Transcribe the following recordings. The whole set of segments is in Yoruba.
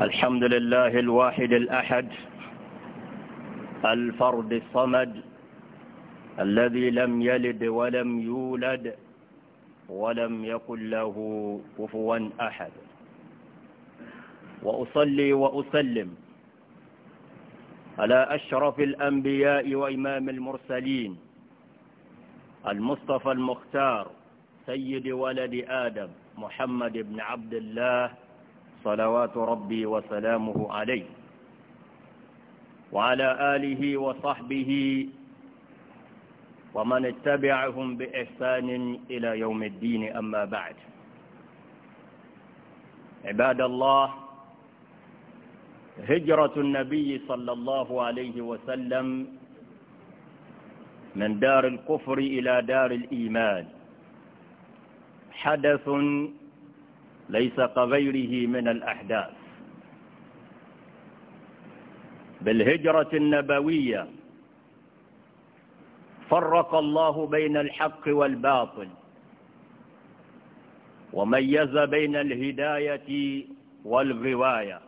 الحمد لله الواحد الأحد الفرد الصمد الذي لم يلد ولم يولد ولم يكن له كفوا أحد وأصلي وأسلم على أشرف الأنبياء وإمام المرسلين المصطفى المختار سيد ولد آدم محمد بن عبد الله صلوات ربي وسلامه عليه وعلى آله وصحبه ومن اتبعهم بإحسان إلى يوم الدين أما بعد عباد الله هجرة النبي صلى الله عليه وسلم من دار الكفر إلى دار الإيمان حدث ليس كغيره من الأحداث بالهجرة النبوية فرق الله بين الحق والباطل وميز بين الهداية والغواية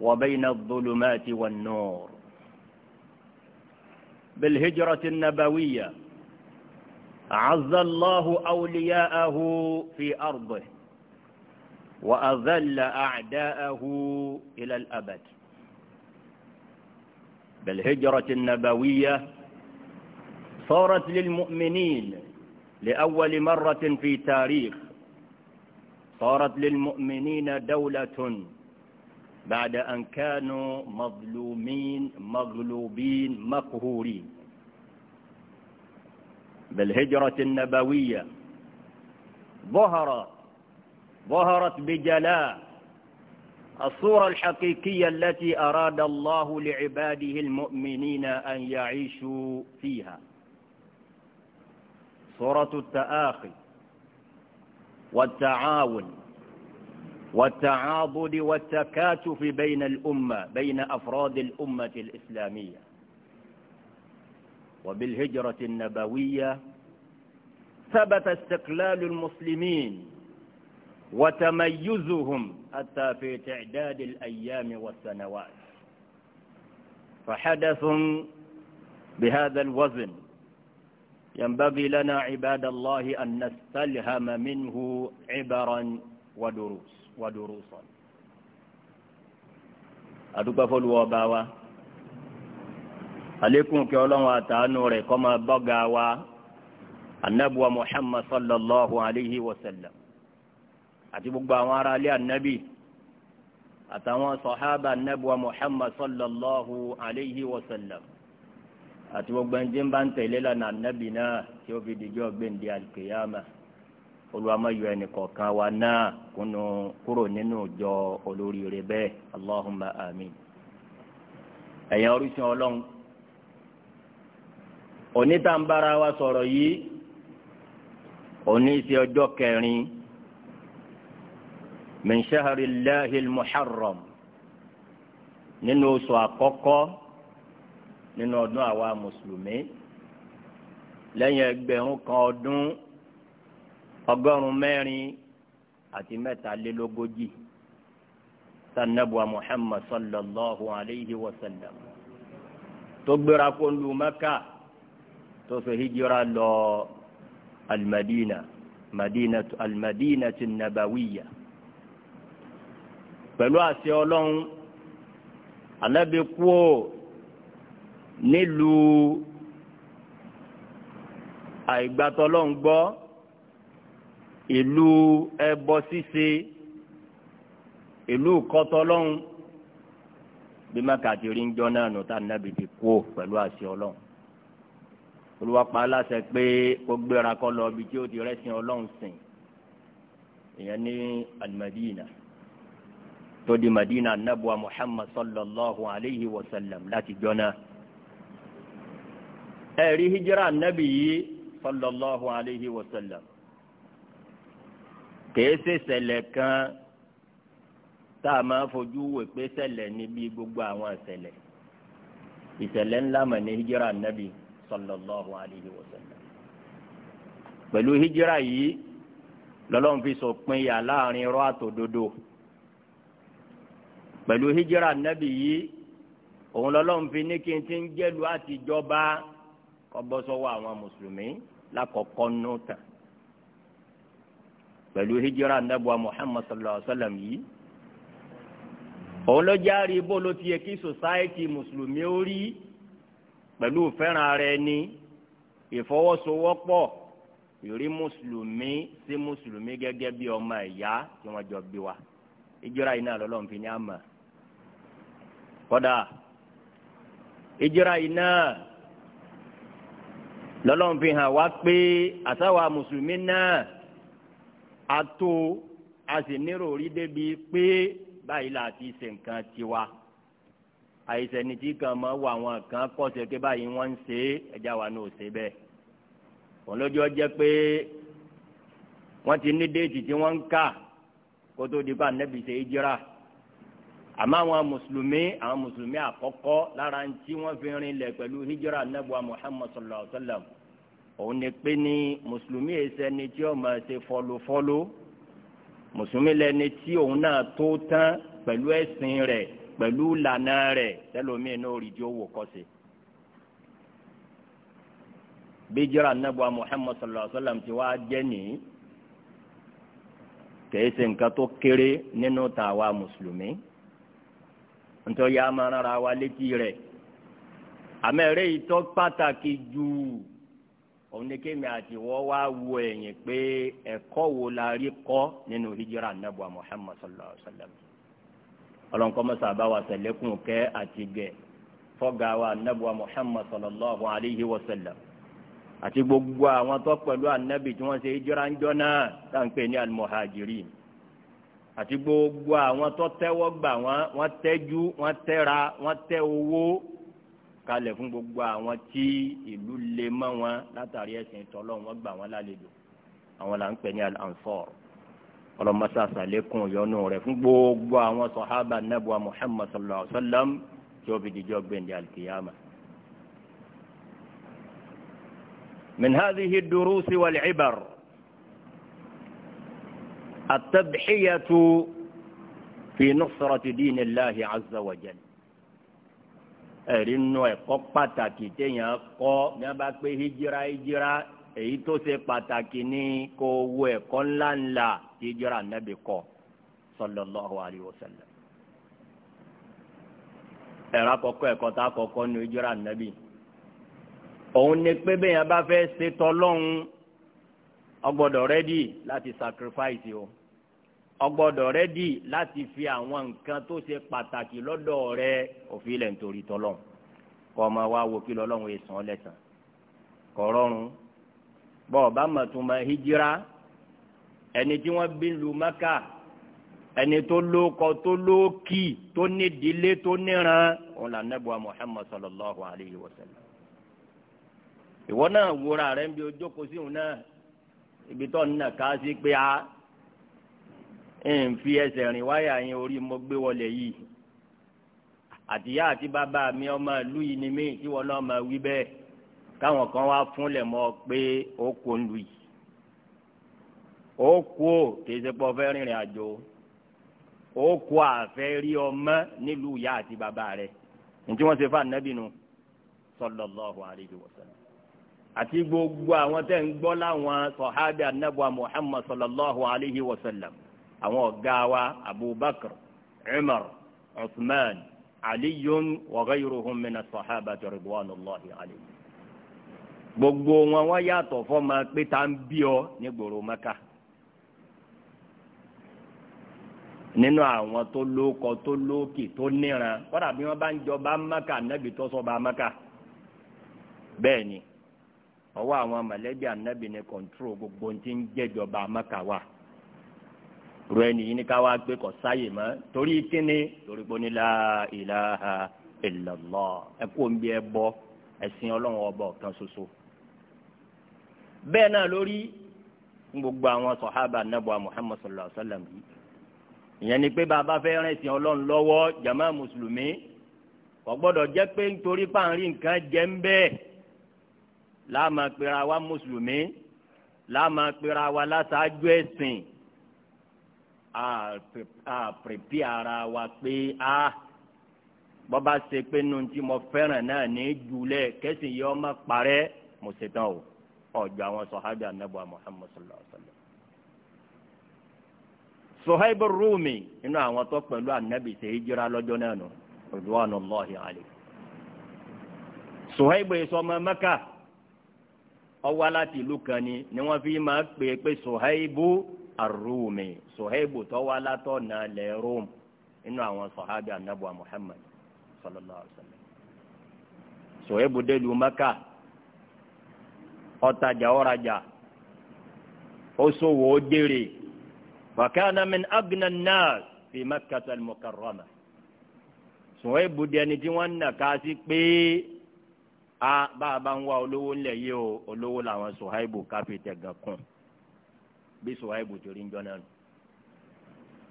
وبين الظلمات والنور بالهجرة النبوية أعز الله أولياءه في أرضه وأذل أعداءه إلى الأبد بالهجرة النبوية صارت للمؤمنين لأول مرة في تاريخ صارت للمؤمنين دولة بعد أن كانوا مظلومين مغلوبين مقهورين بالهجرة النبوية ظهر ظهرت بجلاء الصورة الحقيقية التي أراد الله لعباده المؤمنين أن يعيشوا فيها صورة التآخي والتعاون والتعاضد والتكاتف بين الأمة بين أفراد الأمة الإسلامية وبالهجرة النبوية ثبت استقلال المسلمين وتميزهم حتى في تعداد الأيام والسنوات فحدث بهذا الوزن ينبغي لنا عباد الله أن نستلهم منه عبرا ودروس ودروسا أدوك فلو باوا alekun kí ọlọ́run àtàánú rẹ̀ kọ́ máa bọ́gà wa anabuwa muhammad sallallahu alayhi wa sallam àti gbogbo àwọn ará ilé anabi àtàwọn sọ̀hábà anabuwa muhammad sallallahu alayhi wa sallam àti gbogbo ẹni tí ń bá ń tẹ̀lé lánàá anabi náà tí ó fi dìjọ́ gbẹ̀ǹdé alkiyama olùwàmọ̀yọ ẹnì kọ̀ọ̀kan wa náà kúnnú kúrò nínú ìjọ olóríire bẹ́ẹ̀ allahumma amin ẹ̀yàn orísun ọlọ́run onítàǹbára wa sọ̀rọ̀ yìí òní ti ọjọ́ kẹrin min shahri lahil muharram nínú oṣù àkọ́kọ́ nínú ọdún àwa mùsùlùmí lẹ́yìn ẹgbẹ̀rún kan ọdún ọgọ́rùn mẹ́rin àti mẹ́tàlélógójì sanabu muhammad sallallahu alayhi wa sallam tó gbéra kó lu mẹ́kà tó ṣe hijira lọ alimadina madina alimadina ti nabawiya pẹ̀lú àṣẹ ọlọ́run anabi kúò nílùú àìgbàtọ́lọ́run gbọ́ ìlú ẹbọ ṣíṣe ìlú kọ́tọ́lọ́run bí má kàtí jọ náà nù tá anabi ti kúò pẹ̀lú àṣẹ ọlọ́run olùwàpá aláṣẹ pé kó gbéra kó lọ ibi tí ó ti rẹ́sìn ọlọ́run sìn ìyẹn ní alimadina tó di madina anabuwa muhammad sallallahu alayhi wa sallam láti jọ́nà ẹ̀rí hijira anabi yìí sallallahu alayhi wa sallam kèé ṣe ṣẹlẹ̀ kan tá a máa fojú wò pé ṣẹlẹ̀ níbi gbogbo àwọn ṣẹlẹ̀ ìṣẹ̀lẹ̀ ńlá mà ní hijira anabi sallallahu alayhi wa sallam. pẹ̀lú hijira yìí lọ́lọ́run fi sòpin yà láàrin irọ́ àtòdodo pẹ̀lú hijira nẹ́bì yìí òun lọ́lọ́run fi ní kí n ti ń jẹ́lu àtijọba kọ́bọ́sọ́wọ́ àwọn mùsùlùmí lákọ̀ọ́kọ́ nù tán pẹ̀lú hijira nẹ́bù Muhammad sallallahu alayhi wa sallam yìí òun ló járe bó ló ti yẹ kí sòsáìtì mùsùlùmí ó rí pẹ̀lú fẹ́ràn ara ẹni ìfọwọ́sowọ́pọ̀ ìrí mùsùlùmí sí mùsùlùmí gẹ́gẹ́ bí ọmọ ìyá tí wọ́n jọ bí wa ìjírá yìí náà lọ́lọ́run fi ní àmà kọ́dà ìjírá yìí náà lọ́lọ́run fi hàn wá pé àtàwà mùsùlùmí náà a a sì nírò rí débi pé báyìí láti ṣe nǹkan tiwa àìsàn ẹni tí kan máa wọ àwọn kan kọ́sẹ̀ pé báyìí wọ́n ń ṣe é ẹja wa ní òṣè bẹ́ẹ̀ wọn lójú ọjẹ́ pé wọ́n ti ní déètì tí wọ́n ń kà kó tó di pa nẹ́bí ṣe é jíra àmọ́ àwọn mùsùlùmí àwọn mùsùlùmí àkọ́kọ́ lára ń tí wọ́n fi rinlẹ̀ pẹ̀lú hijira nẹ́bùa Muhammad sallallahu alayhi wa sallam òun ni pé ní mùsùlùmí ẹsẹ̀ ni tí ó máa ṣe fọlọ́fọlọ́ mùsùlùmí lẹni tí òun náà tó tán pẹ̀lú ẹ̀sìn rẹ̀ pẹ̀lú ìlànà rẹ̀ tẹ́lómìn náà rí tí ó wò kọ́sẹ̀. bíjìrà nàbọ̀ Muhammad sallallahu alayhi wa sallam ti wá jẹ́ nìyí kìí ṣe nǹkan tó kéré nínú tàwa mùsùlùmí nítorí yàrá máa rárá wa létí rẹ̀ àmẹ́rẹ́ ìtọ́ pàtàkì jù oníkémi àtiwọ́ wá wo ẹ̀yìn pé ẹ̀kọ́ wo la rí kọ́ nínú hijira nàbọ̀ Muhammad sallallahu alayhi wa sallam ọlọ́nkọ́mọ́sá bá wa sẹ̀lẹ́kùn kẹ́ àti gẹ̀ fọ́gà wa anábùwà muhammad sallallahu alayhi wa sallam àti gbogbo àwọn tó pẹ̀lú anábì tí wọ́n ṣe hijira ń jọ náà tá n pè ní almuhajirin àti gbogbo àwọn tó tẹ́wọ́ gbà wọ́n wọ́n tẹ́jú wọ́n tẹ́ra wọ́n tẹ́ owó kalẹ̀ fún gbogbo àwọn tí ìlú lè mọ́ wọn látàrí ẹ̀sìn tọ́lọ́ wọn gbà wọ́n lálejò àwọn là ń pè ní al-ansar. ọlọmọsá sàlékún ìyọnu rẹ̀ fún gbogbo àwọn sọhábà nẹbùa muhammad sallallahu alaihi wa sallam tí ó fi dijọ́ gbẹ̀ndé alikiyama. من هذه الدروس والعبر التضحية في نصرة diin الله عز وجل ẹ̀rí nù ẹ̀kọ́ pàtàkì téèyàn kọ́ ní a bá pé hijira hijira èyí tó ṣe pàtàkì ní kó wo ẹ̀kọ́ ńláńlá tí jọra nàbì kọ́ sallallahu alayhi wa sallam. ẹ̀rọ àkọ́kọ́ ẹ̀kọ́ tá a kọ́kọ́ ní jọra nàbì. òun ni pé bẹ́ẹ̀ yẹn bá fẹ́ ṣe tọ́lọ́hún ọgbọ́dọ̀ rẹ́dì láti sacrifice o ọgbọ́dọ̀ rẹ́dì láti fi àwọn nǹkan tó ṣe pàtàkì lọ́dọ̀ rẹ òfin ilẹ̀ nítorí tọ́lọ́hún kọ́ ọ ma wá wo kí bọ́ọ̀bá mọ̀túnmọ̀ hijira ẹni tí wọ́n bí lu maka ẹni tó lóko tó lókì tó nídìílé tó níran òun là nẹ́bùa Muhammad sallallahu alayhi wa sallam ìwọ náà wúra rẹ ń bi ojókòó sí òun náà ibi tó ń nà ká sí pé a ń fi ẹsẹ̀ rìn wáyà yẹn orí mo gbé wọlé yìí àtìyá àti bàbá mi ọmọ ìlú yìí ni mí tí wọn náà máa wí bẹ́ẹ̀ káwọn kan wá fúnlẹ̀ mọ́ pé ó kó ń lu yìí ó kó kìí ṣe pọ́ fẹ́ rìnrìn àjò ó kó àfẹ́ rí ọmọ nílùú ìyá àti bàbá rẹ̀ ntí wọ́n ṣe fún anabi nu sallallahu alayhi wa sallam àti gbogbo àwọn tẹ́ ń gbọ́ láwọn sọ̀hábì anabuwa muhammad sallallahu alayhi wa àwọn ọ̀gá wa abubakar umar usman aliyun wa ghayruhum mina sọ̀hábà ridwanullahi alayhi. gbogbo wọn wọn yàtọ̀ fọ́mọ pé ta ń bí ọ nígboro mẹ́ka nínú àwọn tó lóko tó lókè tó níran kọ́dà bí wọ́n bá ń jọba maka nẹ́bi tó sọ́ba mẹ́ka bẹ́ẹ̀ ni ọwọ́ àwọn mọ̀lẹ́bí ànábì ni kọ̀ǹtúrò gbogbo ti ń jẹ́jọba maka wa ru ẹni yìí ní ká wá gbé kọ sáyè torí kíni torí pé ẹ bọ bẹ́ẹ̀ náà lórí gbogbo àwọn sọ̀hábà nàbọ̀ Muhammad sallallahu alayhi wa sallam yìí ìyẹn ni pé bàbá fẹ́ rìn sí ọlọ́run lọ́wọ́ jama mùsùlùmí kò gbọ́dọ̀ jẹ́ pé nítorí páàrí nǹkan jẹ́ ń bẹ́ẹ̀ láàmà pera wa mùsùlùmí láàmà pera wa lásáájú ẹ̀sìn a pèpè ara wa pé a bọ́ba ṣe pé nu ti mo fẹ́ràn náà ní jùlẹ̀ kẹ́sìn yìí ọmọ parẹ́ mo ṣetán o ọjọ́ àwọn sọ̀hábì anábọ̀ Muhammad sallallahu alayhi wa sallam. Suhaib Rumi inú àwọn tó pẹ̀lú anábì ṣe hijira lọ́jọ́ náà nù ridwanullahi alayhi. Suhaib sọmọ Mẹ́kà ọwọ́ láti ìlú kan ni ni wọ́n fi máa pè pé Suhaib Ar-Rumi Suhaib tọ́wọ́ látọ̀ náà lẹ̀ Rome inú àwọn sọ̀hábì anábọ̀ Muhammad sallallahu alayhi wa sallam. Suhaib délùú Mẹ́kà ọ̀tajà ọ̀rajà oṣòwò dèrè wàkàna min agna nas fi makkata al-mukarrama sùnwó ibùdó ẹni tí wọ́n ń nà ká sí pé a bàbá ń wá olówó ńlẹ̀ yìí o olówó làwọn sòháìbù káfíńtẹ̀ gan kún bí sòháìbù torí ń jọ náà nù.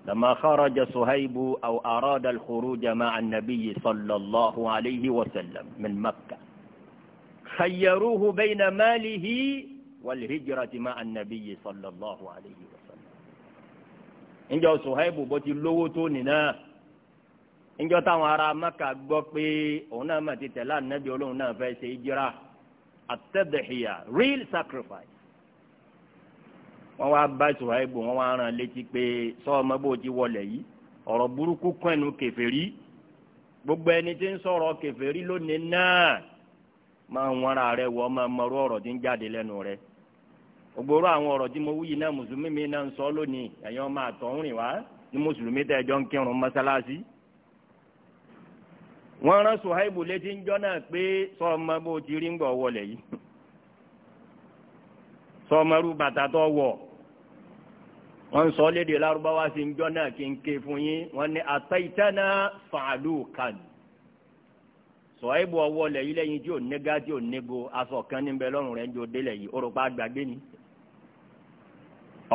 لما خرج صهيب أو أراد الخروج مع النبي صلى الله عليه وسلم من مكة خيروه بين ماله والهجرة مع النبي صلى الله عليه وسلم ǹjọ́ Suhaibu bó ti lówó tó nìna ǹjọ́ táwọn ará Maka gbọ́ pé òun náà máa ti tẹ̀lé ànábì Ọlọ́run náà fẹ́ ṣe ìjírà àtẹ̀dẹ̀hìyà real sacrifice wọ́n wá bá Suhaibu wọ́n wá rán létí pé sọ́ọ́mọ́ bó ti wọlé yìí ọ̀rọ̀ burúkú kọ́ ẹnu kèfèrí gbogbo ẹni tí ń sọ̀rọ̀ kèfèrí lónìí náà máa ń wọ́nra rẹ wọ́ máa mọ̀rú ọ̀rọ̀ tí ń jáde lẹ́nu rẹ ògbóró àwọn ọ̀rọ̀ tí mo wí náà mùsùlùmí mi náà ń sọ lónìí ẹ̀yin ọmọ àtọ̀húnrìn wá ní mùsùlùmí tẹ́ ẹjọ́ ń kírun mọ́sálásí. wọ́n rán Suhaibu létí ń jọ́ náà pé sọ́ọ̀mọ bó ti rí ń gbọ̀ wọlé yìí sọ́ọ̀mọ rú bàtà tó wọ̀ wọ́n ń sọ léde lárúbáwá sí ń jọ́ náà kí fún yín wọ́n ní àtẹ̀yìntàn náà fàálù kàdù sọ̀hẹ́bù ọwọ́ lẹ̀ yìí lẹ́yìn tí ò négá tí ò négo aṣọ kan níbẹ̀ lọ́rùn rẹ̀ ń jò délẹ̀ yìí ó rò pa àgbàgbé ni.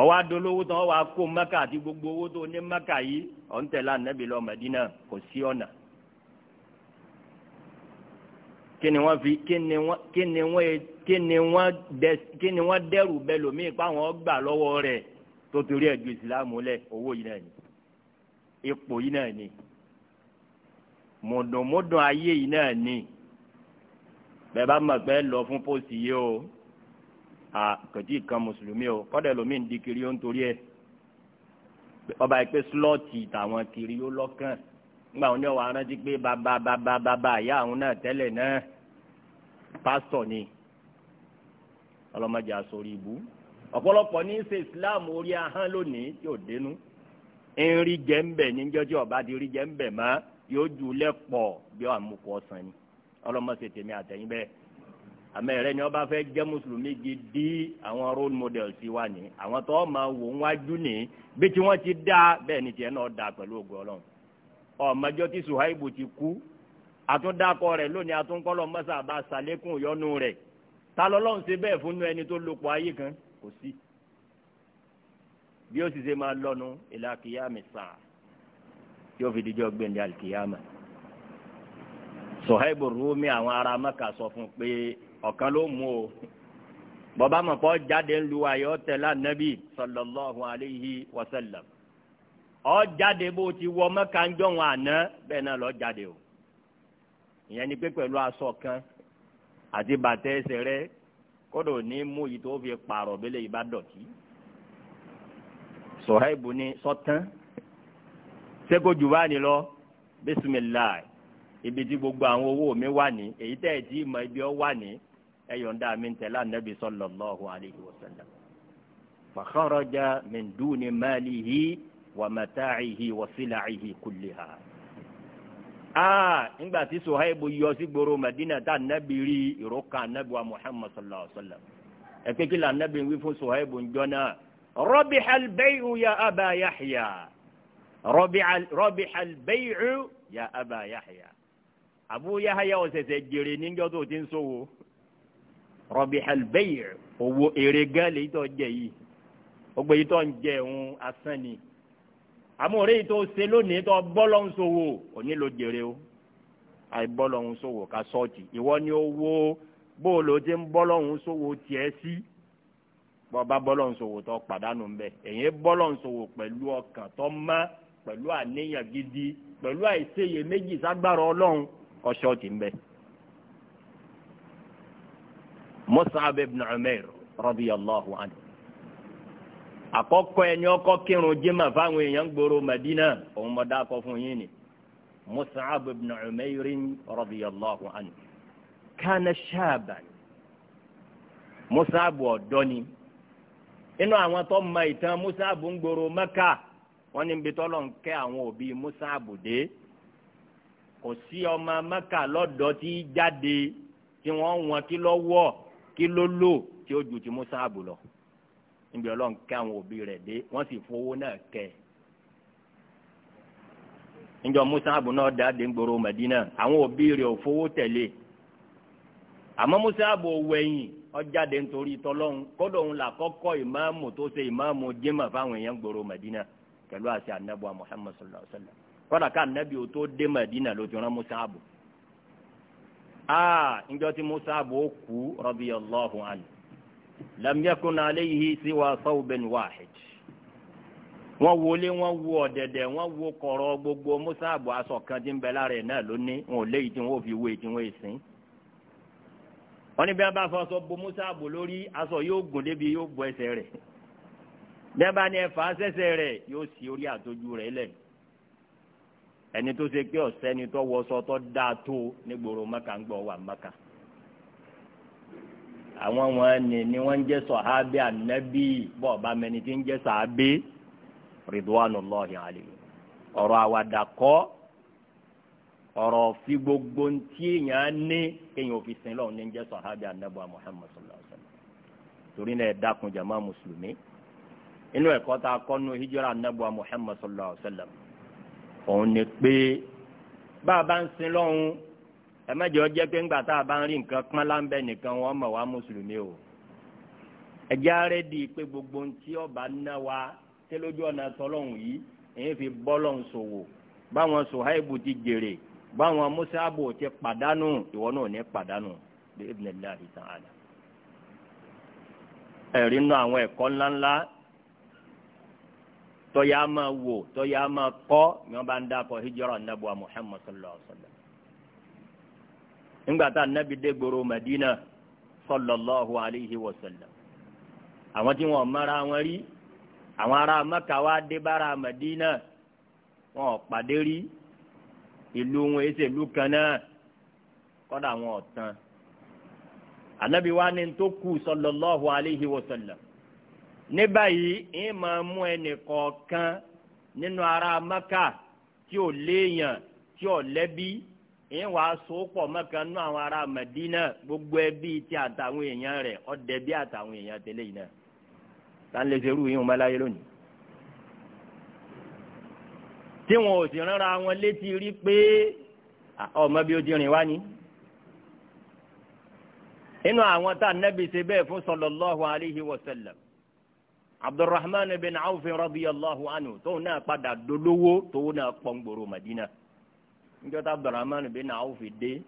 ọwọ́ adolówó tán wàá kó mẹ́kà gbogbo owó tó ní mẹ́kà yìí ọ̀n tẹ̀lé mẹ́dínà kò sí ọ̀nà. kí ni wọ́n mọ̀dọ̀mọ́dọ̀ ayé yìí náà ni bẹ́ẹ̀ bá mọ̀ lọ fún pósì yìí o à kòtí kan mùsùlùmí o kọ́dẹ̀ lómi ń di kiri ó ń torí ẹ̀ ọba yìí pé slọ́ọ̀tì tàwọn kiri ó lọ́kàn nígbà wọn ní ọwọ́ arántí pé bàbá bàbá bàbá ìyá àwọn náà tẹ́lẹ̀ náà pásítọ̀ ni ọlọ́mọdé àsọ̀rí ìbú ọ̀pọ̀lọpọ̀ ní í ṣe islam orí ahọ́n lónìí tí ò dénú ń rí jẹ́ ń bẹ̀ níjọ́ tí ọba ti rí jẹ́ ń bẹ̀ mọ́ yóò jù lẹ́pọ̀ bí wàá mú kọ́ san ni ọlọ́mọṣẹ́ tèmi àtẹ̀yìn bẹ́ẹ̀ àmọ́ ẹ̀rẹ́ ni wọ́n bá fẹ́ jẹ́ mùsùlùmí gidi àwọn role models ti wà ní àwọn tó máa wò ń wájú ní bí tí wọ́n ti dá bẹ́ẹ̀ ni tiẹ̀ náà dá pẹ̀lú ògùn ọlọ́run ọ̀mọjọ́ tí Suhaibu ti kú àtúndàkọ rẹ̀ lónìí àtúnkọ́lọ́ mọ́sá bá ṣàlékún ìyọnu rẹ̀ ta lọ́lọ́run ṣe bẹ́ẹ̀ fún ẹni tó lopọ̀ ayé kan kò sí bí ó sì ṣe máa lọ́nu ìlà kìyàmì sáà tí ó fi dijọ́ gbẹ̀ndẹ̀ alikiyama sọ̀hẹ́bù rúmi àwọn ará mẹ́ka sọ fún pé ọ̀kan ló mú o bọ́bá mọ̀ jáde ń lu ayọ́ tẹ̀lé anabi sallallahu alayhi wa sallam ọ jáde bó ti wọ mẹ́ka ń jọ̀wọ́n àná bẹ́ẹ̀ náà lọ jáde o ìyẹn ni pé pẹ̀lú aṣọ kan àti bàtẹ́ ẹsẹ̀ rẹ kódò ní mú yìí tó fi pààrọ̀ bẹ́lẹ̀ yìí bá dọ̀tí sọ̀hẹ́bù ni sọ́tán. So sẹ́kọ̀ jù bá ní lọ bisimilayi ibi tí gbogbo àwọn owó mi wà ní èyí tẹ́ ẹ̀ tí ìmọ̀ ibi ọ wà ní ẹ yọ̀ǹda mi ń tẹ̀lé anabi sallallahu alayhi wa sallam fa kharaja min duni malihi wa mata'ihi wa sila'ihi kulliha. aa ńgbà tí Suhaibu yọ sí gbòòrò Madina tá anabi rí ìrókà anabi wa Muhammad sallallahu alayhi ẹ pé kí wí fún Suhaibu ń jọ náà rabihal bay'u ya rọ́bì àlbẹ́yìí ya abà yahya abu yahya ọ̀sẹ̀sẹ̀ jèrè níjọ́ tó ti ń sòwò rọ́bì àlbẹ́yìí owó èrè gan lè tó jẹ yìí ogbe yìí tó ń jẹ òun asán ni amóore yìí tó ṣe lónìí tó bọ́lọ̀ ń sòwò òní ló jèrè o àìbọ́lọ̀ ń sòwò ká sọ́ọ̀tì ìwọ ni owó bóòlù ti ń bọ́lọ̀ ń sòwò tiẹ̀ sí. Si bọba bọlọ́n sòwò tó pàdánù ń bẹ èyí bọlọ́n sòwò pẹ̀lú ọkàn tó mọ́ pẹ̀lú àníyàn gidi pẹ̀lú àìsèyè méjì ságbára ọlọ́run ọ̀ṣọ́ ti ń bẹ. Mus'ab ibn Umair radiyallahu anhu àkọ́kọ́ ẹni ọkọ́ kírun jimá fáwọn èèyàn gbòòrò Madina òun mọ̀ dákọ̀ fún yín ni Mus'ab ibn Umair radiyallahu anhu kana shaban Mus'ab ọ̀dọ́ ni inú àwọn tó mọ ìtàn Mus'ab ń gbòòrò Mẹ́kà. wọ́n ní ibi tọ́lọ̀ ń kẹ́ àwọn òbí musa àbùdé kò sí ọmọ mẹ́kà lọ́dọ̀ tí jáde tí wọ́n wọn kí ló wọ̀ kí ló tí ó ju ti musa àbù lọ níbi ọlọ́run kẹ́ àwọn òbí rẹ̀ dé wọ́n sì fowó náà kẹ́ níjọ musa àbù náà pẹ̀lú àṣẹ anabu muhammad sallallahu alaihi wa ká anabi ò tó dé madina ló ti rán musaabu aa ah, njọ ti musaabu ó kú radiyallahu anhu lam yakun alayhi siwa sawbin wahid wọ́n wọ́n wo ọ̀dẹ̀dẹ̀ wọ́n wo kọ̀rọ̀ gbogbo musaabu aṣọ kan ń bẹ lára ẹ̀ náà lónìí wọn ò fi dẹ́ba ni ẹ̀fà sẹ́sẹ̀ rẹ̀ yóò sì orí àtọ́jú rẹ̀ lẹ̀ ẹni tó ṣe pé ọ̀sẹ́ni tó wọṣọ tó dáa tó nígboro maka ń gbọ́ wà maka àwọn wọn ni ni wọ́n ń jẹ́ sọ̀hábí ànábì bọ́ọ̀bá mẹni tí ń jẹ́ sàábí ridwanullahi alayhi ọ̀rọ̀ àwàdà ọ̀rọ̀ fi gbogbo ntí èèyàn ní kéèyàn òfin sin lọ́wọ́ ní ń jẹ́ inú ẹ̀kọ́ tá a kọ́ nu hijira anabu muhammad sallallahu alaihi wa sallam òun ni pé bá a bá ń sin lọ́hùn ẹ má jẹ́ ọ jẹ́ pé ńgbà tá a bá ń rí nǹkan pọ́n láńbẹ́ nìkan wọ́n mọ̀ wá mùsùlùmí o ẹ̀jẹ̀ arẹ di pé gbogbo ń tí ọba ná wa ṣé lójú ọ̀nà tọ́lọ́hùn yìí èyí fi bọ́lọ́hùn ṣòwò báwọn sòháìbù ti jèrè báwọn mùsàbù ti pàdánù ìwọ náà ní pàdánù ẹ̀rí nù àwọn ẹ̀kọ́ ńláńlá tọ́yà máa wò tọ́yà máa kọ́ ni wọ́n bá ń dákọ̀ hijira nígbà tá dé gbòòrò madina sallallahu alayhi wa sallam. àwọn tí wọn mara wọn madina wọn ò pàdé rí ìlú wọn èsè ìlú kan náà kọ́dà ní báyìí ń máa mú ẹnì kọ̀ọ̀kan nínú ara maka tí ò léèyàn tí ò lẹ́bí ń wàá sopọ̀ mọ́kan nínú àwọn ará Madina gbogbo ẹbí ti àtàwọn èèyàn rẹ̀ ọ̀dẹ bí àtàwọn èèyàn tẹ́lẹ̀ yìí náà tá n lè ṣerú yìí wọn bá láyé lónìí. tí wọn ò sì rárá wọn létí rí pé ọmọ bí ó ti rìn wá ni inú àwọn tá a nẹ́bi ṣe bẹ́ẹ̀ fún sallallahu alaihi wasallam abdulrahman bin awf radiyallahu anhu tóun náà padà dolówó tóun náà pọ̀ngbòrò madina níjọ́tà abdulrahman bin awf dé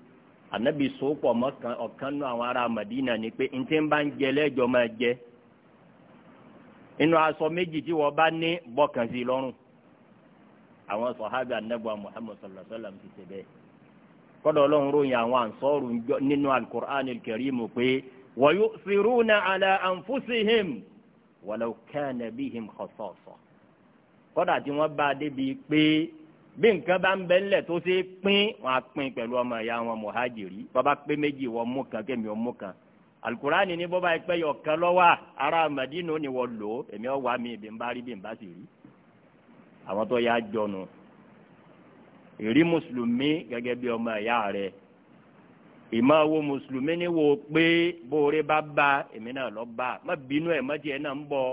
anabi sopọ̀ mọ́kàn ọ̀kan nù àwọn ará madina ni pé ntí ń bá ń jẹ lẹ́jọ́ máa jẹ inú aṣọ méjì tí wọ́n bá ní bọ́kàn sí lọ́rùn àwọn sọ̀hábì anábọ̀ muhammad sallallahu alayhi wa sallam ti ṣe bẹ́ẹ̀ kọ́dọ̀ ọlọ́run ròyìn àwọn ànsọ́rù nínú alukur'an kẹrìmù pé wa yu'thiruna ala anfusihim walau kana bihim khasasa kódà tí wọ́n bá débi pé bí nǹkan bá ń bẹ ńlẹ̀ tó ṣe pín wọn á pín pẹ̀lú ọmọ ìyá wọn mọ̀hájìrì bọ́bá pé méjì wọ́n mú kan kémi ó mú kan alukurani ní bọ́bá ẹgbẹ́ yọ kan lọ́wọ́ ara madina ni wọ́n lò èmi ọ̀ wá mi ìbí ń bá rí bí ń bá sì rí àwọn tó yá jọnu ìrí mùsùlùmí gẹ́gẹ́ bí ọmọ ìyá rẹ̀ ìmáwo mùsùlùmí ni wo pé bóore bá bá èmi náà lọ bá má bínú ẹ̀ má tiẹ̀ náà ń bọ̀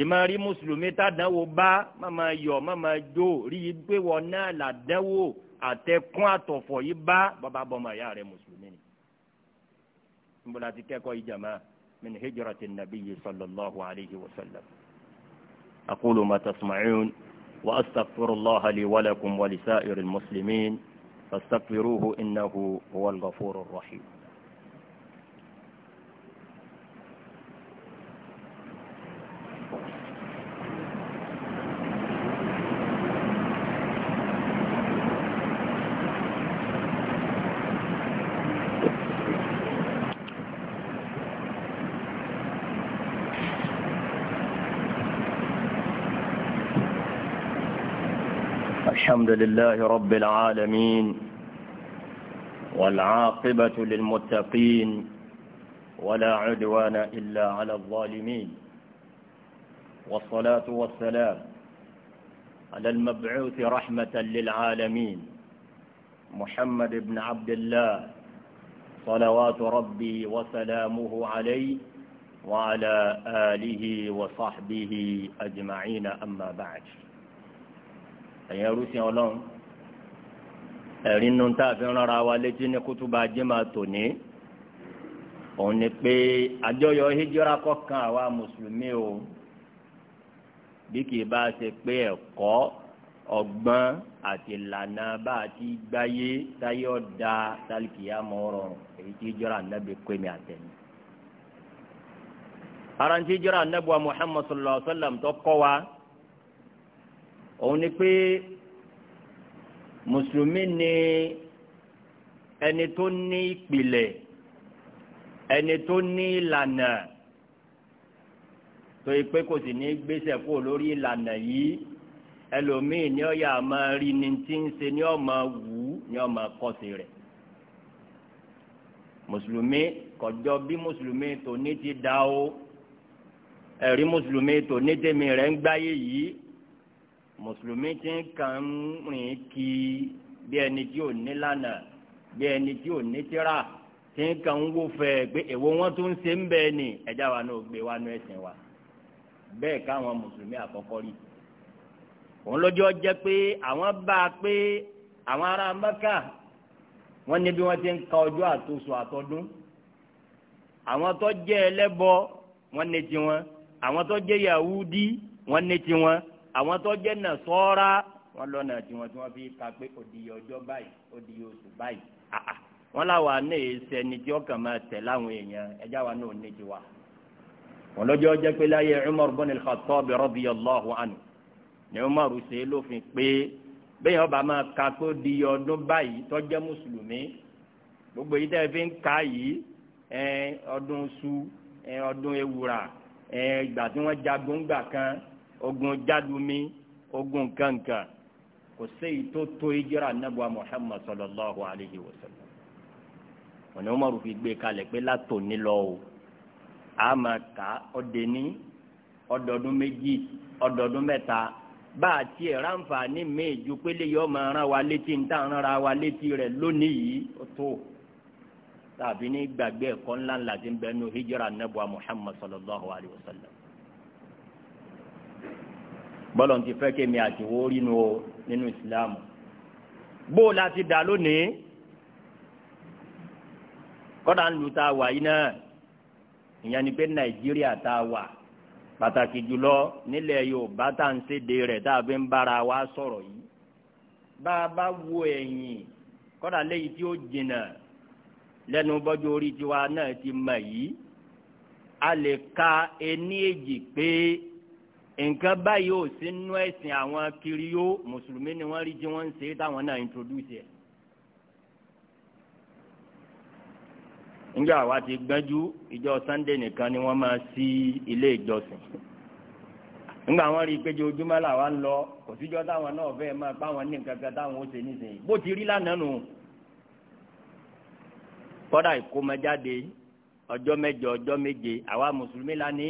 ìmọ̀ rí mùsùlùmí tàdánwò bá má máa yọ̀ má máa jó rí i pé wọn náà làdánwò àtẹkùn àtọ̀fọ̀ yìí bá bàbá bọ́mọ ìyá rẹ̀ mùsùlùmí ni. níbo la ti kẹ́kọ̀ọ́ yìí jàmá min hijrati nabiyyi sallallahu alayhi wa sallam. aqulu ma wa astaghfirullaha li wa lakum muslimin. فاستغفروه إنه هو الغفور الرحيم الحمد لله رب العالمين والعاقبة للمتقين ولا عدوان إلا على الظالمين والصلاة والسلام على المبعوث رحمة للعالمين محمد بن عبد الله صلوات ربي وسلامه عليه وعلى آله وصحبه أجمعين أما بعد ẹ̀yẹ rúṣin ọlọ́run ẹ̀rí nu tá a fi rárá wa létí ní kútúbà jimá tòní òun ni pé àjọyọ̀ hijira kọ̀ọ̀kan àwa mùsùlùmí o bí kì í bá ṣe pé ẹ̀kọ́ ọgbọ́n àti ìlànà bá a ti gbáyé táyé ọ̀dà tálíkìyà mọ́ rọrùn èyí tí hijira nàbẹ kó mi àtẹ̀yìn ara hijira nàbẹ wa Muhammad sallallahu alaihi wa sallam tó kọ́ wa òun ni pé mùsùlùmí ni ẹni tó ní ìpìlẹ̀ ẹni tó ní ìlànà tó yẹ pé kò sì ní gbèsè kó lórí ìlànà yìí ẹlòmíì ní ọ̀yà máa rí ni tí ń ṣe ní ọmọ wù ú ní ọmọ kọ́sì rẹ̀ mùsùlùmí kọjọ bí mùsùlùmí tòní ti dá o ẹ̀rí mùsùlùmí tòní tèmi rẹ̀ ń gbáyé yìí mùsùlùmí ti ń kàn ń rìn kí bí ẹni tí ò ní lànà bí ẹni tí ò ní tírà tí ń kàn ń wò fẹ́ pé èwo wọn tún ṣe ń bẹ́ẹ̀ ni ẹja wa náà gbé wa nú ẹ̀sìn wa bẹ́ẹ̀ káwọn mùsùlùmí àkọ́kọ́ rí òun lójó jẹ́ pé àwọn bá a pé àwọn ará Mẹ́kà wọ́n ní bí wọ́n ti ń ka ọjọ́ àtòsọ àtọdún àwọn tó jẹ́ ẹlẹ́bọ wọ́n ní tiwọn àwọn tó jẹ́ Yahudi wọ́n ní tiwọn àwọn tó jẹ́ nà sọ́ra wọn lọ́nà tiwọn tí wọ́n fi ka pé òdìyẹ ọjọ́ báyìí òdìyẹ oṣù báyìí àà wọn làwọn àna èsẹ ni tí ọkàn máa tẹ̀ láwọn èèyàn ẹja wa náà ní tiwa. wọn lọ́jọ́ jẹ́ pé láyé Umar bin al-Khattab radiyallahu anhu ni Umar ṣe lófin pé bẹ́ẹ̀ ọba máa ka pé òdìyẹ ọdún báyìí tó mùsùlùmí gbogbo yìí tẹ́ fi ń ka yìí ọdún su ọdún ewúra ìgbà tí wọ́n jagun gbà kan ogun jadumi ogun kankan kò séyìí tó tó ìjírà nàbùwà muhammad sallallahu alayhi wa sallam ọ̀nà umaru fi gbé kalẹ̀ pé látòní lọ o a máa kà ọ̀dẹ̀ni ọ̀dọ̀dún méjì ọ̀dọ̀dún mẹ́ta bá a tiẹ̀ ráǹfààní míì ju pé lè yọ ọmọ ara wa létí níta ara wa létí rẹ̀ lónìí yìí ó tó tàbí ní gbàgbé ẹ̀kọ́ ńláńlá tí ń bẹ nínú hijira nàbùwà muhammad sallallahu alayhi wa sallam. bọ́lọ̀ ti fẹ́ kémi àtiwó rínu o nínú ìsìláàmù bó o láti dà lónìí kọ́dà ń lu tá a wà yìí náà ìyẹn ni pé nàìjíríà tá a wà pàtàkì jùlọ nílẹ̀ yorùbá tá à ń séde rẹ̀ tá a fi ń bára wa sọ̀rọ̀ yìí bá a bá wo ẹ̀yìn kọ́dà léyìí tí ó jìnnà lẹ́nu bọ́jú orí tiwa náà ti mọ̀ yìí a lè ka ení èjì pé nǹkan báyìí ò sí nú ẹ̀sìn àwọn kiri yó mùsùlùmí ni wọ́n rí jí wọ́n ń ṣe táwọn náà introduce ẹ̀. nígbà wa ti gbẹ́jú ìjọ Sunday nìkan ni wọ́n máa ṣí ilé ìjọsìn nígbà wọn rí i pé ojoojúmọ́ làwa ń lọ kò síjọ́ táwọn náà fẹ́ máa bá wọn ní nǹkan kan táwọn ó ṣe nísìnyí bó ti rí lánàá nù. kọ́dà ìkómọjáde ọjọ́ mẹ́jọ ọjọ́ méje àwa mùsùlùmí la ní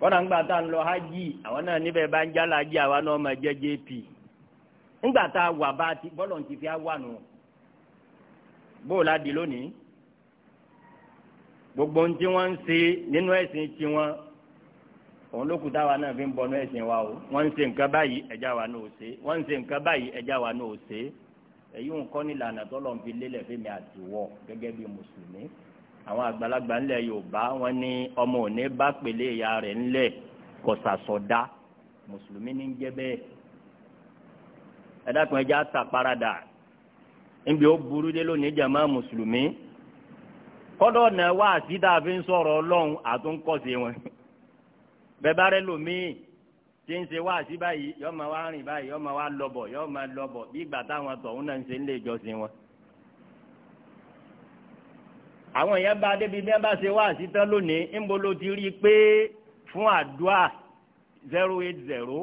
kọ́nà ńgbà tá ń lọ hajj àwọn náà níbẹ̀ bá ń jálá hajj àwa náà máa jẹ́ jp ńgbà tá a wà bá ti bọ́lọ̀ ti fi wà nù bó o la di lónìí gbogbo ń tí wọ́n ń ṣe nínú ẹ̀sìn tiwọn òun ló kù táwa náà fi ń bọnú ẹ̀sìn wa o wọ́n ń ṣe nǹkan báyìí ẹ̀já wa náà ò ṣe wọ́n ń ṣe nǹkan báyìí ẹ̀já wa náà ò ṣe èyí ń kọ́ nílànà tọ́lọ̀ ń fi lélẹ̀ fẹ́mi àtiwọ́ gẹ́gẹ́ bí mùsùlùmí àwọn àgbàlagbà ńlẹ̀ Yorùbá wọn ní ọmọ òní bá pèlè ìyá rẹ̀ ńlẹ̀ kọsàsọdá mùsùlùmí ní jẹ bẹ́ẹ̀ ẹ dákun ẹjẹ àtàparadà níbi ó burú dé lónìí jàmá mùsùlùmí kọ́dọ̀ náà wá àtidá fi ń sọ̀rọ̀ Ọlọ́run àtúnkọsí wọn bẹ́ẹ̀ bá rẹ lòmíì tí ń ṣe wá sí báyìí yọọ ma wá rìn báyìí yọọ ma wá lọbọ yọọ ma lọbọ bí ìgbà táwọn tọ̀hún náà ń ṣe ń lè jọ́sìn wọn àwọn èèyàn bá débi bí wọ́n bá ṣe wá sí tán lónìí ńbo ló ti rí i pé fún àdúrà zero eight zero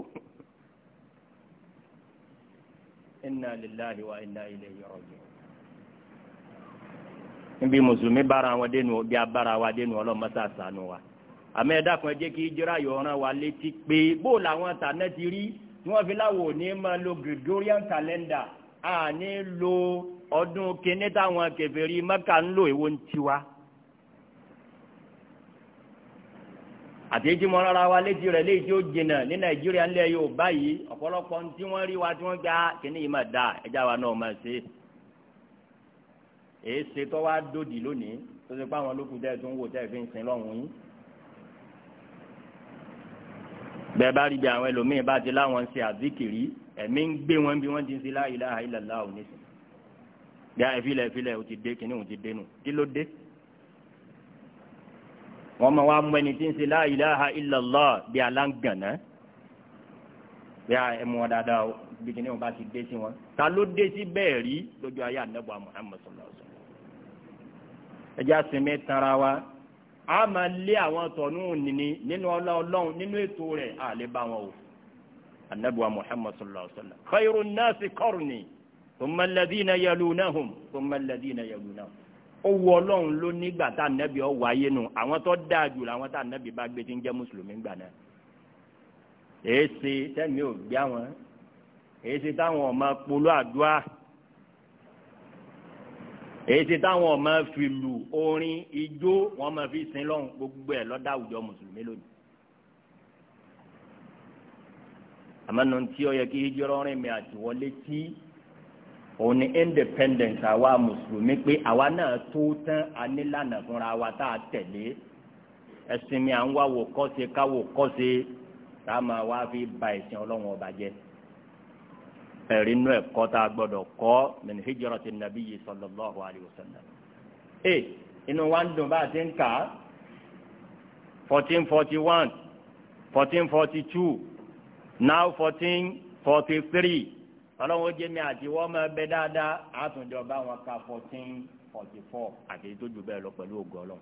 inna lillahi wa inna ilayhi raji'un. níbi mùsùlùmí bára wọn dénú bí a bára wa dénú ọlọ́mọta sànù wa àmọ́ ẹ dákun ẹ kí jíra yọ wa létí pé bó làwọn tàná ti rí tí wọ́n fi láwọ̀ ní máa lo Gregorian calendar àní lo ọdún kínní táwọn kèfèrí Mẹ́kà ń lò èwo ń tiwa. àtẹ̀jí mọ́ rárá wa létí rẹ̀ léyìí tí ó jìnnà ní nàìjíríà ńlẹ̀ yorùbá yìí ọ̀pọ̀lọpọ̀ ń tí wọ́n rí wa tí wọ́n gbà ah, kíní yìí máa da ẹja wa náà máa ṣe. èé ṣe tó wá dòdì lónìí tó ṣe pé àwọn olókùn tẹ́ ẹ tó ń wò tẹ́ ẹ fi ń sin lọ́hùn yín. bẹ́ẹ̀ bá rí bí àwọn ẹlòmíín bá ti láwọn ṣe àzíkìrí ẹ̀mí ń gbé wọn bí wọ́n ti ń ṣe la ilaha illallah òní sìn bí a ìfilẹ̀ ìfilẹ̀ o ti dé kíní o ti dé nu kí ló dé. wọ́n máa wá mú ẹni tí ń ṣe la ilaha illallah bí aláǹgànná bí a ẹmu wọn dáadáa o bí kíní o bá ti dé sí wọn ta ló dé sí bẹ́ẹ̀ rí lójú ayé ànábọ̀ Muhammad sallallahu alaihi wasallam. ẹjẹ́ àsìnmí tanra wa a lé àwọn tọ̀nù nìní nínú ọlọ́run nínú ètò rẹ̀ àlébá wọn o ànábọ̀ Muhammad sallallahu alaihi wasallam. khairun nasi qarni thumma alladhina yalunahum thumma alladhina yalunahum ó wu ọlọ́run ló nígbà tá ànábì ọ wáyé nu àwọn tó dáa jù làwọn tá ànábì bá gbé tí ń jẹ́ mùsùlùmí gbà náà èé ṣe tẹ́mi ò gbé àwọn èé táwọn ọmọ polo àdúrà èyí táwọn ọmọ fi orin ijó wọn máa fi sin lọ́hùn gbogbo ẹ̀ lọ́dá àwùjọ mùsùlùmí lónìí. àmọ́ nù tí ó yẹ kí ijó rọrin mi àti tí òun ni independence àwa mùsùlùmí pé àwa náà tó tán anílànà fúnra wa tá a tẹ̀lé ẹ̀sìn mi à ń wá wò kọ́ṣe ká wò kọ́ṣe tá a máa wá fi ba ìsìn ọlọ́run ọba jẹ́ ẹ̀rí inú ẹ̀kọ́ tá a gbọ́dọ̀ kọ́ min hijrati nabiyyi sallallahu alayhi wa sallam. ẹ inú wa ń dùn bá a ti ń kà á fourteen forty one fourteen forty two now fourteen forty three ọlọ́run ó jẹ́ mi àti wọ́n máa bẹ dáadáa àtúndì ọba wọn ka fourteen forty four àti ìtọ́jú bẹ́ẹ̀ lọ pẹ̀lú ògo ọlọ́run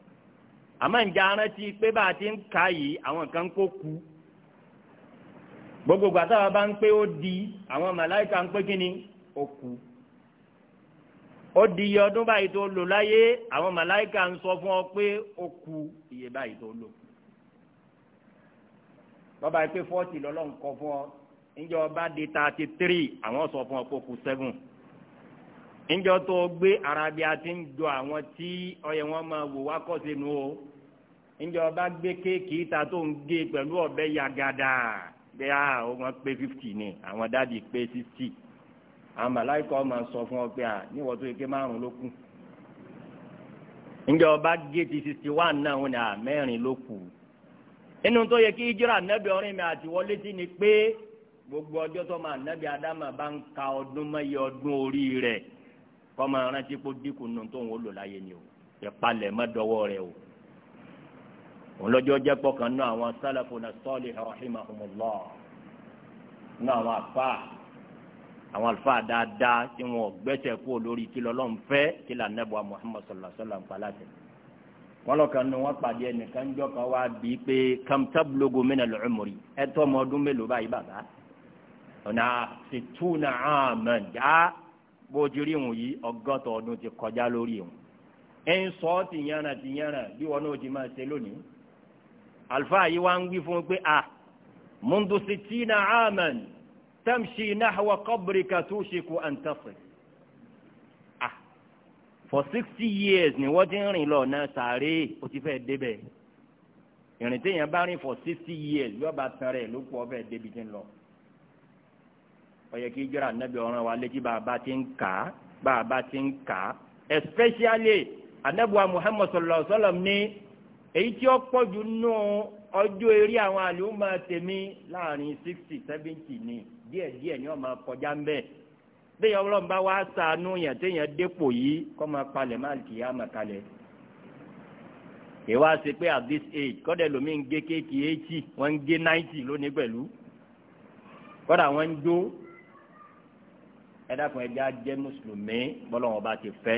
àmọ́ ǹjẹ́ arántí pé bá a ti ń ka yìí àwọn kan kó ku gbogbo gbàtà wa bá ń pé ó di àwọn màláìka ń pé kíni ó ku ó di iye ọdún báyìí tó lò láyé àwọn màláìka ń sọ fún ọ pé ó ku iye báyìí tó lò bàbá yìí pé fọ́ọ̀tì lọ́lọ́run kọ fún ọ níjọ́ bá di thirty three àwọn sọ fún ọ kù seven níjọ́ tó gbé arabia ti ń jọ àwọn tí ọyẹ wọn máa wò wá kọ́ sínú o níjọ́ bá gbé kéèkì ìta tó ń gé pẹ̀lú ọ̀bẹ yagada pé a wọn pé fifty ni àwọn dáàdi pé sixty àwọn màláìkọ́ máa sọ fún ọ pé a níwọ̀n tó yẹ kí márùn ló kù ǹjẹ́ ọba géètì sixty one náà wọn ni àmẹ́rin ló kù inú tó yẹ kí ìjírà nẹ́bí ọ̀rìn mi àti wọlé sí ni pé gbogbo ọjọ́ tó máa nábì adama bá ń ka ọdún mẹ́yẹ ọdún orí rẹ̀ kọ́ máa rántí kó dínkù nù tó ń lò láyé ni o ìpalẹ̀ mọ́ dọwọ́ rẹ̀ o. òun lọ́jọ́ jẹ́ pọ̀kan náà àwọn salafuna salih rahimahumullah náà àwọn àfa àwọn àfa dáadáa tí wọn gbẹ́sẹ̀ kú lórí kí lọ́lọ́run fẹ́ kí là nẹ́bùa Muhammad sallallahu alaihi wasallam pàlàtẹ̀. wọ́n lọ́kàn nù wọ́n pàdé ẹnìkan jọ́ kan wá bíi pé kam tablugu min al-umri ẹ tó ọmọ ọdún mélòó báyìí bàbá ọ̀nà ṣètúnà àmàdá bójú rí wọn yìí ọgọ́tọ̀ ọdún ti kọjá lórí wọn. ẹ ń sọ ọ́ tìyànrà tìyànrà bí wọn náà ti máa ṣe lónìí. àlùfáà yìí wá ń wí fún un pé a ah, mundu ṣètúnà àmàn tamṣi nahwa qabrika tushiku an tasif. Ah, for sixty years ni wọ́n ti ń rìn lọ náà sàárè ó ti fẹ́ débẹ̀ ìrìn téèyàn bá rìn for sixty years yóò bá tán ló pọ̀ fẹ́ débi tí ń lọ ọyẹ kí jẹrọ anabi ọ̀ràn wa létí bàbá ti ń kà á bàbá ti ń kà á especially anabiwa muhammad sallallahu alaihi wa sallam ní èyí tí ó pọ̀jù nù ọjọ́ eré àwọn àlùmọ̀ tèmi láàrin sixty seventy ni díẹ̀ díẹ̀ ni wọ́n kọjá ń bẹ̀ bẹ́ẹ̀ ọlọ́run bá sànú yẹn téèyàn dépò yìí kọ́ máa palẹ̀ má kì í àmà kalẹ̀ ìwà ṣe pé at this age kọ́dẹ̀ lomi ń gé kéèkì eighty wọ́n ń gé ninety lónìí pẹ̀lú kọ́dà wọ́n ń jó ẹ dákun ẹja jẹ́ mùsùlùmí bọ́lọ́wọ́n bá ti fẹ́.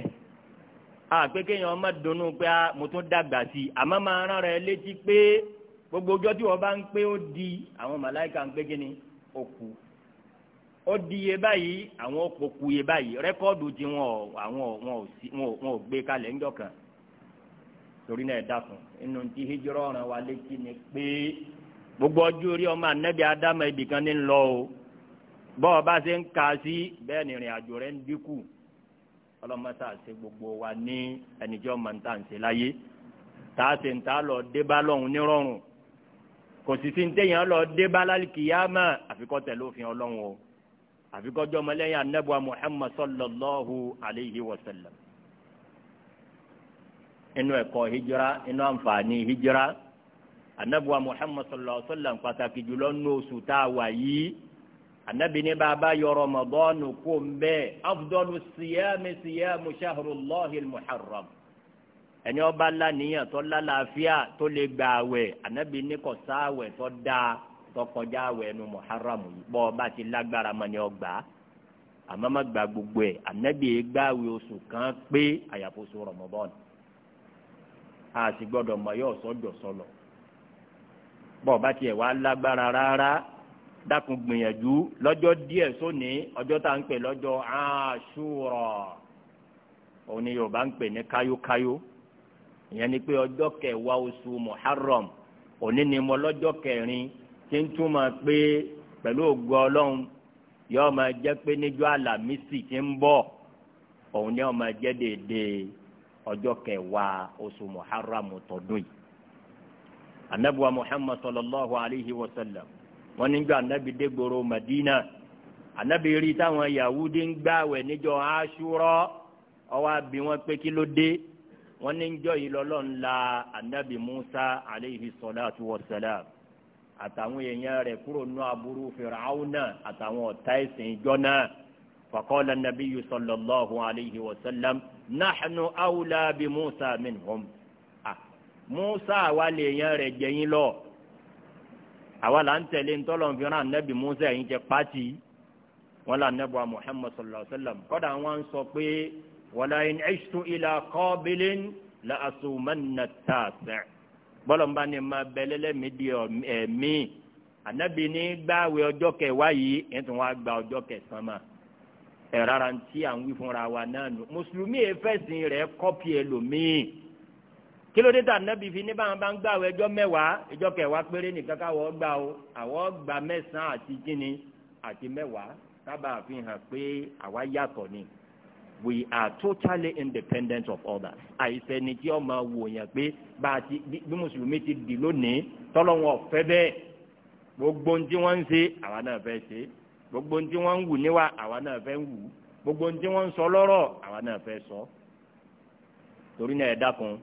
àpé kéèyàn má dunnú pé mo tún dàgbà sí i àmọ́ létí pé gbogbo ọjọ́ tí wọ́n bá pé ó di àwọn màláìka ń pé kí ni òkú ó àwọn òkú iye báyìí rẹ́kọ́ọ̀dù tí àwọn wọn ò gbé bọ́ọ̀ bá ṣe ń ka sí bẹ́ẹ̀ ni ìrìn àjò rẹ̀ ń dínkù ọlọ́mọta ṣe gbogbo wa ní ẹnìjọ́ mọ̀ntà ń ṣe láyé tá a ṣe ń ta lọ débá lọ́hùn nírọ̀rùn kò sì sí ń téèyàn lọ débá lálìkìyàmà àfikọ́ tẹ̀lé òfin ọlọ́run o àfikọ́ jọmọlẹ́yìn anábùa Muhammad sallallahu alayhi wa sallam inú ẹ̀kọ́ hijira inú àǹfààní hijira anábùa Muhammad sallallahu alayhi wa sallam pàtàkì jùlọ nínú oṣù tá a wà yìí. anabi ní bàbá yọ rọmọdọ́nù kó ń bẹ́ẹ̀ afdọ́nù síyámi síyámi ṣahrullahi ẹni ọba lánìyàn tó lálàáfíà tó lè gba àwẹ̀ anabi ní kò sáwẹ̀ tó dáa tó kọjá àwẹ̀ nu muharram yìí bọ́ ọba ti lágbára mọ́ ni gba gbogbo ẹ̀ yìí oṣù kan pé àyàfóso a sì gbọ́dọ̀ mọ̀ yóò sọ́jọ́ sọlọ tiẹ̀ wá lágbára rárá dákun gbìyànjú lọ́jọ́ díẹ̀ sóni ọjọ́ tá à ń pè lọ́jọ́ Àṣúrà òun ni Yorùbá ń pè ní káyókáyó ìyẹn ni pé ọjọ́ kẹwàá oṣù Muharram òní ni mo lọ́jọ́ kẹrin tí ń túmọ̀ pé pẹ̀lú ògo Ọlọ́run yóò máa jẹ́ pé níjọ́ àlàmísì tí ń bọ̀ òun ni ó jẹ́ déédéé ọjọ́ kẹwàá oṣù Muharram tọdún yìí anabuwa Muhammad sallallahu alayhi wa sallam. wọ́n níjọ́ anabi dé gbòòrò Madina anabi rí táwọn Yahudi ń gbààwẹ̀ níjọ́ Ashura ó wá bi wọ́n pé kí ló dé wọ́n níjọ́ yìí lọ́lọ́run la anabi Musa aleyhi salatu wa salam àtàwọn èèyàn rẹ̀ kúrò nù aburú Fir'auna àtàwọn ọ̀tá ẹ̀sìn ìjọ náà faqala nabiyyu sallallahu alayhi wa sallam nahnu awla bi Musa minhum. Musa wa lèèyàn rẹ̀ jẹ́yìn lọ àwa là ń tẹ̀lé ntọ́lọ́n fi ràn nẹ́bí musa yìí jẹ́ pàtì wọn là nẹ́bí wa muhammad sallallahu alayhi wa sallam kọ́dà wọn sọ pé wàlá in ẹ̀ṣtú ilà kọ́bílín la àsùnmọ́nà tààsẹ̀ bọ́lọ̀mbá ni ma bẹ̀lẹ́lẹ́ mi di ẹ̀mí ànábì ní gbààwẹ̀ ọjọ́ kẹwàá yìí ẹ̀tún wa gba ọjọ́ kẹsàn-án ma ẹ̀ rárá ti à ń wí fúnra wa náà nù mùsùlùmí efẹ́sìn rẹ̀ kọ́pì ẹlòmíì kí tà nẹ́bí fi ní báwọn bá ń gbà ẹjọ́ mẹ́wàá ẹjọ́ kẹwàá péré nìkan káwọ́ gbà o àwọ̀ gbà mẹ́sàn-án àti kíni àti mẹ́wàá sábà fi hàn pé àwa yàtọ̀ ni we are totally independent of others àìsẹ̀ni tí ọmọ wò yẹn pé bá a ti bí mùsùlùmí ti dì lónìí tọ́lọ́wọ́n ọ̀fẹ́ bẹ́ẹ̀ gbogbo ntí wọ́n ń ṣe àwa náà fẹ́ ṣe gbogbo ntí wọ́n ń wù níwà àwa náà fẹ́ wù gbogbo ntí wọ́n ń sọ lọ́rọ̀ àwa náà fẹ́ sọ torí náà ẹ dákun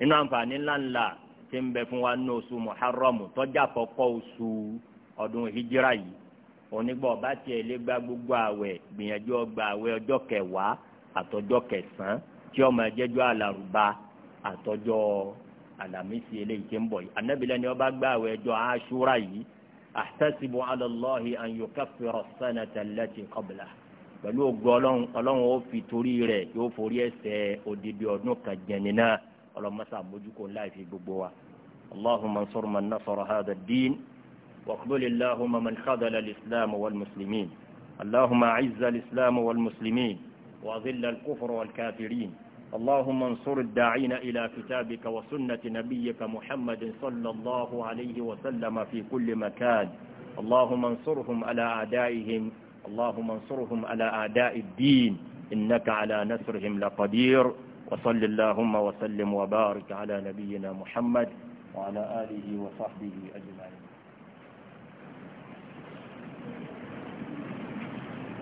nínú àǹfààní ńláńlá tí ń bẹ fún wa ní oṣù muharram tọ́jà kọ́kọ́ oṣù ọdún hijira yìí onígbà ọba tiẹ̀ lé gba gbogbo àwẹ̀ gbìyànjú ọgbà àwẹ̀ ọjọ́ kẹwàá àtọjọ́ kẹsàn-án tí ọmọ ẹjẹjọ alárùbá àtọjọ́ alamisi eléyìí tí ń bọ̀ yìí anábìlẹ̀ ni ọba gba àwẹ̀ ọjọ́ aṣúra yìí ahtasibu ala Allahi an yukaffira as-sanata allati qabla pẹ̀lú ògo ó fi torí rẹ̀ yóò forí ẹ̀ṣẹ̀ odidi ọdún kan jẹ̀ni náà. ọlọmọsà mójúkó láì fi في wa اللهم انصر من نصر هذا الدين din واقبل اللهم من خذل الإسلام والمسلمين اللهم أعز الإسلام والمسلمين وأذل الكفر والكافرين اللهم انصر الداعين إلى كتابك وسنة نبيك محمد صلى الله عليه وسلم في كل مكان اللهم انصرهم على أعدائهم اللهم انصرهم على أعداء الدين إنك على نصرهم لقدير وصل اللهم وسلم وبارك على نبينا محمد وعلى آله وصحبه أجمعين